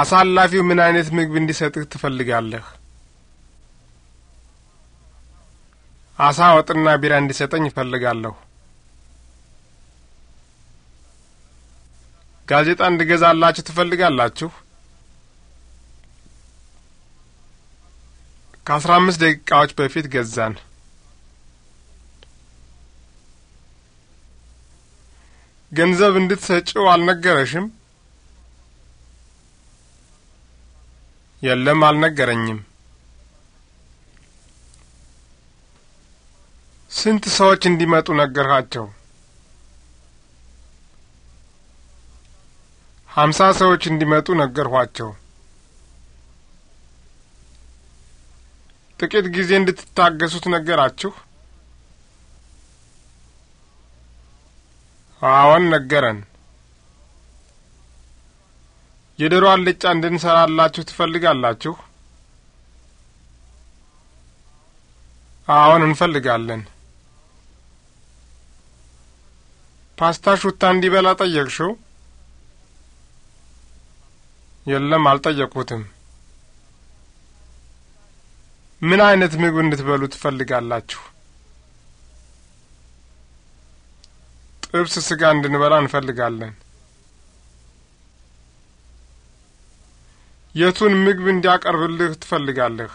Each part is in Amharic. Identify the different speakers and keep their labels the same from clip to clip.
Speaker 1: አሳላፊው ምን አይነት ምግብ እንዲሰጥህ ትፈልጋለህ? አሳ ወጥና ቢራ እንዲሰጠኝ እፈልጋለሁ። ጋዜጣ እንድገዛላችሁ ትፈልጋላችሁ? ከአስራ አምስት ደቂቃዎች በፊት ገዛን። ገንዘብ እንድትሰጪው አልነገረሽም? የለም፣ አልነገረኝም። ስንት ሰዎች እንዲመጡ ነገርካቸው? ሀምሳ ሰዎች እንዲመጡ ነገርኋቸው። ጥቂት ጊዜ እንድትታገሱት ነገራችሁ? አዎን ነገረን። የዶሮ አልጫ እንድንሰራላችሁ ትፈልጋላችሁ? አዎን እንፈልጋለን። ፓስታ ሹታ እንዲበላ ጠየቅሽው? የለም አልጠየቁትም። ምን አይነት ምግብ እንድትበሉ ትፈልጋላችሁ? እብስ ስጋ እንድንበላ እንፈልጋለን። የቱን ምግብ እንዲያቀርብልህ ትፈልጋለህ?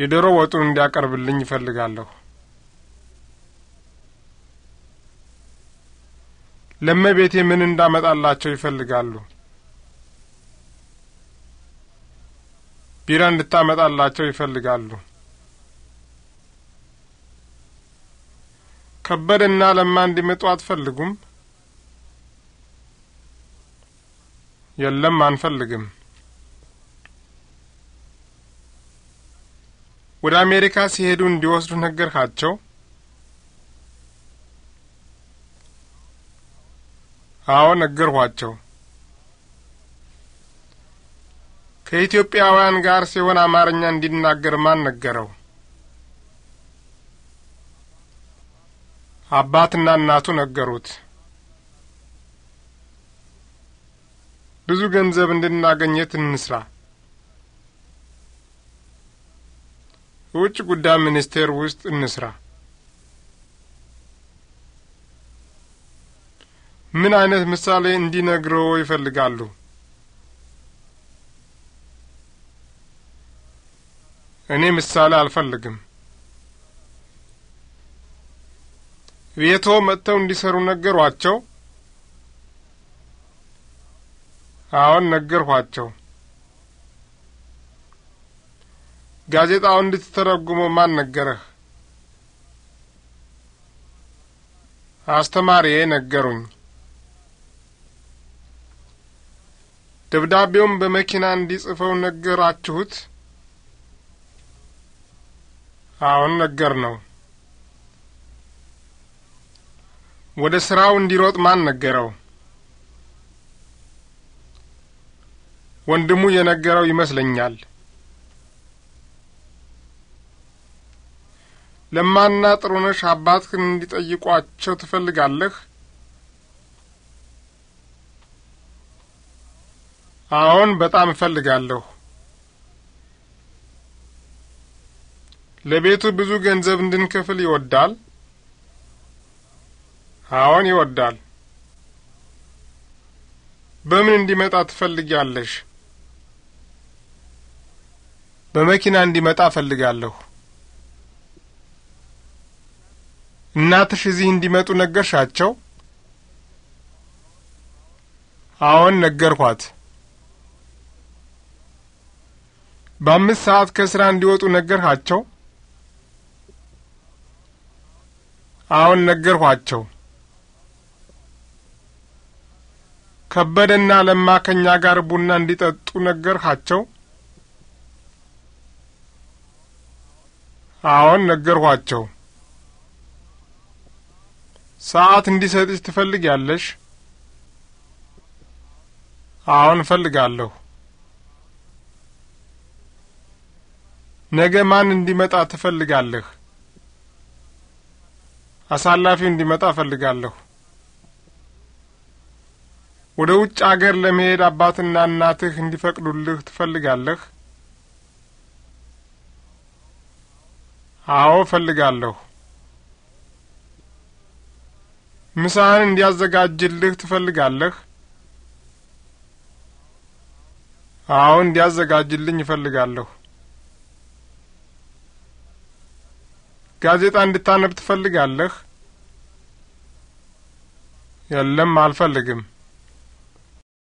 Speaker 1: የዶሮ ወጡን እንዲያቀርብልኝ እፈልጋለሁ። ለመቤቴ ምን እንዳመጣላቸው ይፈልጋሉ? ቢራ እንድታመጣላቸው ይፈልጋሉ። ከበደና ለማ እንዲመጡ አትፈልጉም? የለም፣ አንፈልግም። ወደ አሜሪካ ሲሄዱ እንዲወስዱ ነገርካቸው? አዎ፣ ነገርኋቸው። ከኢትዮጵያውያን ጋር ሲሆን አማርኛ እንዲናገር ማን ነገረው? አባትና እናቱ ነገሩት። ብዙ ገንዘብ እንድናገኘት እንስራ። ውጭ ጉዳይ ሚኒስቴር ውስጥ እንስራ። ምን አይነት ምሳሌ እንዲነግረው ይፈልጋሉ? እኔ ምሳሌ አልፈልግም። ቤቶ መጥተው እንዲሰሩ ነገሯቸው? አዎን ነገርኋቸው። ጋዜጣው እንድትተረጉመው ማን ነገረህ? አስተማሪዬ ነገሩኝ። ደብዳቤውን በመኪና እንዲጽፈው ነገራችሁት? አዎን ነገር ነው። ወደ ስራው እንዲሮጥ ማን ነገረው? ወንድሙ የነገረው ይመስለኛል። ለማና ጥሩነሽ አባትህን እንዲጠይቋቸው ትፈልጋለህ? አዎን፣ በጣም እፈልጋለሁ። ለቤቱ ብዙ ገንዘብ እንድንከፍል ይወዳል። አዎን ይወዳል። በምን እንዲመጣ ትፈልጊያለሽ? በመኪና እንዲመጣ እፈልጋለሁ። እናትሽ እዚህ እንዲመጡ ነገርሻቸው? አዎን ነገርኳት። በአምስት ሰዓት ከስራ እንዲወጡ ነገርኋቸው? አዎን ነገርኋቸው። ከበደና ለማ ከኛ ጋር ቡና እንዲጠጡ ነገርኋቸው? አዎን ነገርኋቸው። ሰዓት እንዲሰጥሽ ትፈልጊያለሽ? አዎን እፈልጋለሁ። ነገ ማን እንዲመጣ ትፈልጋለህ? አሳላፊው እንዲመጣ እፈልጋለሁ። ወደ ውጭ አገር ለመሄድ አባትና እናትህ እንዲፈቅዱልህ ትፈልጋለህ? አዎ እፈልጋለሁ። ምሳህን እንዲያዘጋጅልህ ትፈልጋለህ? አዎ እንዲያዘጋጅልኝ እፈልጋለሁ። ጋዜጣ እንድታነብ ትፈልጋለህ? የለም አልፈልግም።